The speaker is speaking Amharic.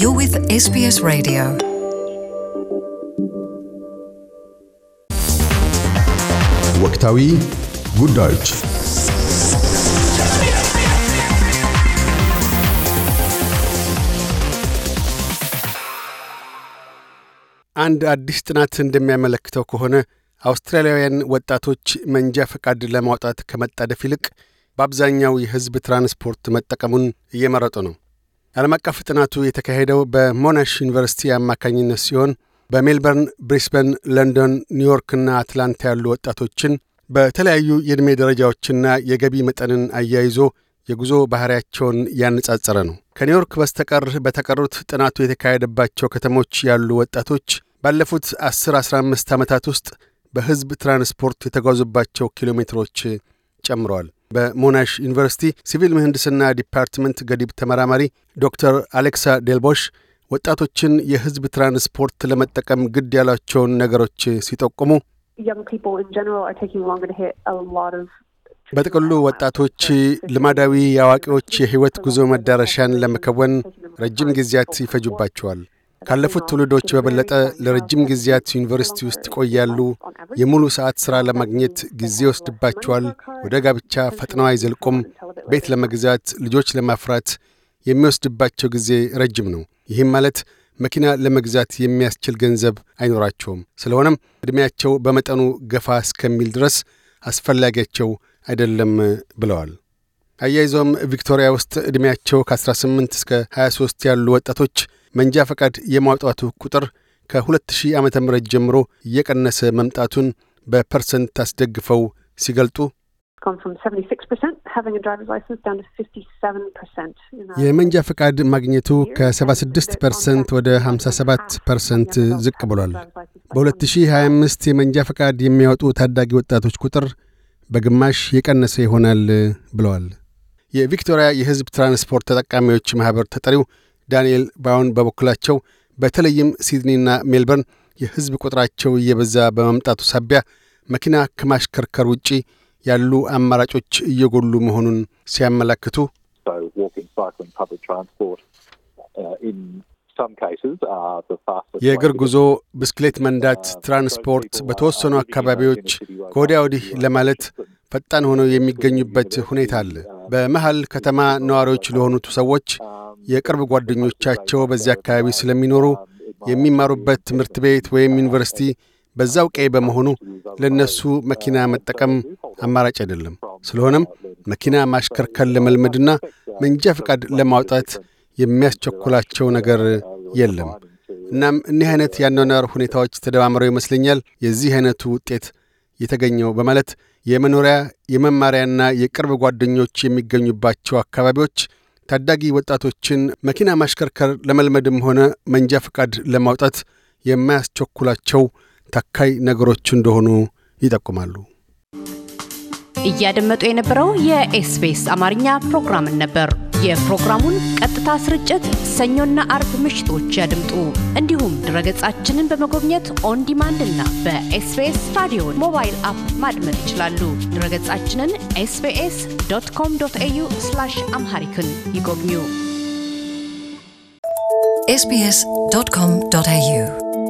You're with SBS Radio. ወቅታዊ ጉዳዮች አንድ አዲስ ጥናት እንደሚያመለክተው ከሆነ አውስትራሊያውያን ወጣቶች መንጃ ፈቃድ ለማውጣት ከመጣደፍ ይልቅ በአብዛኛው የሕዝብ ትራንስፖርት መጠቀሙን እየመረጡ ነው። ዓለም አቀፍ ጥናቱ የተካሄደው በሞናሽ ዩኒቨርሲቲ አማካኝነት ሲሆን በሜልበርን፣ ብሪስበን፣ ለንደን፣ ኒውዮርክና አትላንታ ያሉ ወጣቶችን በተለያዩ የዕድሜ ደረጃዎችና የገቢ መጠንን አያይዞ የጉዞ ባህሪያቸውን ያነጻጸረ ነው። ከኒውዮርክ በስተቀር በተቀሩት ጥናቱ የተካሄደባቸው ከተሞች ያሉ ወጣቶች ባለፉት 10-15 ዓመታት ውስጥ በሕዝብ ትራንስፖርት የተጓዙባቸው ኪሎ ሜትሮች ጨምረዋል። በሞናሽ ዩኒቨርሲቲ ሲቪል ምህንድስና ዲፓርትመንት ገዲብ ተመራማሪ ዶክተር አሌክሳ ዴልቦሽ ወጣቶችን የህዝብ ትራንስፖርት ለመጠቀም ግድ ያሏቸውን ነገሮች ሲጠቁሙ በጥቅሉ ወጣቶች ልማዳዊ የአዋቂዎች የህይወት ጉዞ መዳረሻን ለመከወን ረጅም ጊዜያት ይፈጁባቸዋል። ካለፉት ትውልዶች በበለጠ ለረጅም ጊዜያት ዩኒቨርሲቲ ውስጥ ይቆያሉ። የሙሉ ሰዓት ሥራ ለማግኘት ጊዜ ይወስድባቸዋል። ወደ ጋብቻ ፈጥነው አይዘልቁም። ቤት ለመግዛት፣ ልጆች ለማፍራት የሚወስድባቸው ጊዜ ረጅም ነው። ይህም ማለት መኪና ለመግዛት የሚያስችል ገንዘብ አይኖራቸውም። ስለሆነም ዕድሜያቸው በመጠኑ ገፋ እስከሚል ድረስ አስፈላጊያቸው አይደለም ብለዋል። አያይዞም ቪክቶሪያ ውስጥ ዕድሜያቸው ከ18 እስከ 23 ያሉ ወጣቶች መንጃ ፈቃድ የማውጣቱ ቁጥር ከ2000 ዓ ም ጀምሮ እየቀነሰ መምጣቱን በፐርሰንት አስደግፈው ሲገልጡ የመንጃ ፈቃድ ማግኘቱ ከ76 ፐርሰንት ወደ 57 ፐርሰንት ዝቅ ብሏል። በ2025 የመንጃ ፈቃድ የሚያወጡ ታዳጊ ወጣቶች ቁጥር በግማሽ የቀነሰ ይሆናል ብለዋል። የቪክቶሪያ የህዝብ ትራንስፖርት ተጠቃሚዎች ማኅበር ተጠሪው ዳንኤል ባዮን በበኩላቸው በተለይም ሲድኒና ሜልበርን የህዝብ ቁጥራቸው እየበዛ በመምጣቱ ሳቢያ መኪና ከማሽከርከር ውጪ ያሉ አማራጮች እየጎሉ መሆኑን ሲያመላክቱ uh, የእግር ጉዞ፣ ብስክሌት መንዳት፣ uh, ትራንስፖርት በተወሰኑ አካባቢዎች ከወዲያ ወዲህ ለማለት ፈጣን ሆነው የሚገኙበት ሁኔታ አለ። uh, በመሀል ከተማ ነዋሪዎች ለሆኑት ሰዎች የቅርብ ጓደኞቻቸው በዚህ አካባቢ ስለሚኖሩ የሚማሩበት ትምህርት ቤት ወይም ዩኒቨርሲቲ በዛው ቀይ በመሆኑ ለእነሱ መኪና መጠቀም አማራጭ አይደለም። ስለሆነም መኪና ማሽከርከር ለመልመድና መንጃ ፈቃድ ለማውጣት የሚያስቸኩላቸው ነገር የለም። እናም እኒህ አይነት የአኗኗር ሁኔታዎች ተደማምረው ይመስለኛል የዚህ አይነቱ ውጤት የተገኘው በማለት የመኖሪያ የመማሪያና የቅርብ ጓደኞች የሚገኙባቸው አካባቢዎች ታዳጊ ወጣቶችን መኪና ማሽከርከር ለመልመድም ሆነ መንጃ ፈቃድ ለማውጣት የማያስቸኩላቸው ታካይ ነገሮች እንደሆኑ ይጠቁማሉ። እያደመጡ የነበረው የኤስፔስ አማርኛ ፕሮግራምን ነበር። የፕሮግራሙን በቀጥታ ስርጭት ሰኞና አርብ ምሽቶች ያድምጡ። እንዲሁም ድረገጻችንን በመጎብኘት ኦን ዲማንድ እና በኤስቤስ ራዲዮ ሞባይል አፕ ማድመጥ ይችላሉ። ድረገጻችንን ኤስቤስ ዶት ኮም ዶት ኤዩ አምሃሪክን ይጎብኙ። ኤስቢኤስ ዶት ኮም ዶት ኤዩ